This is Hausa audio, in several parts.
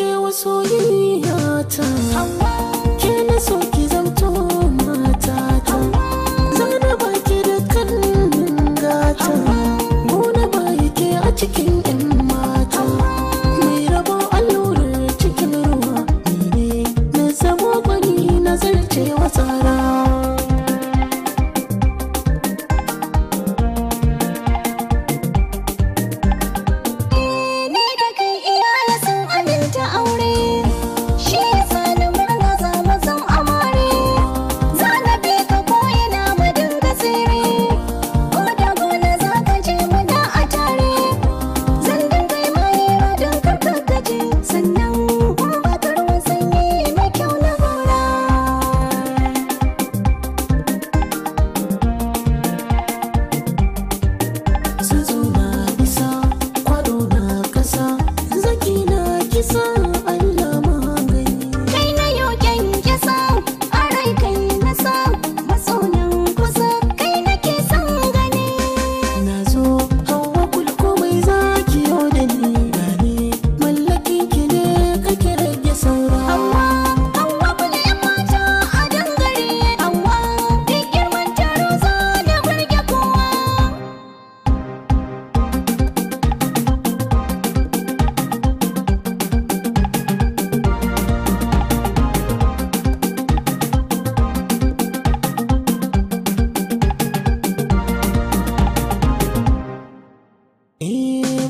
ke wa soyayya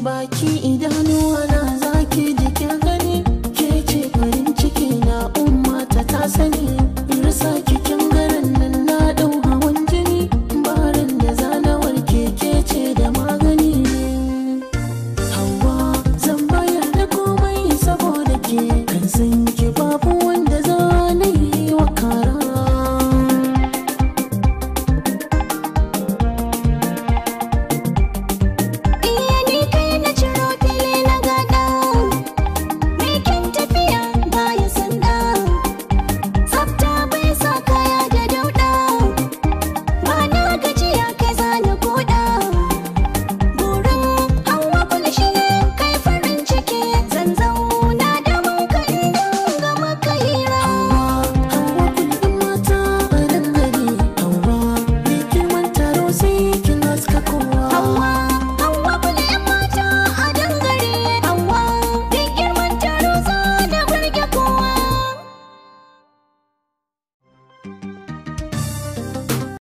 baki idanuwa na zaki jikin gani ke ce farin ciki na umma ta ta sani rasa kikin garin nan na dau hawan jini barin da zanawar keke ce da magani hawa zan bayar da komai saboda ke kan san ki babu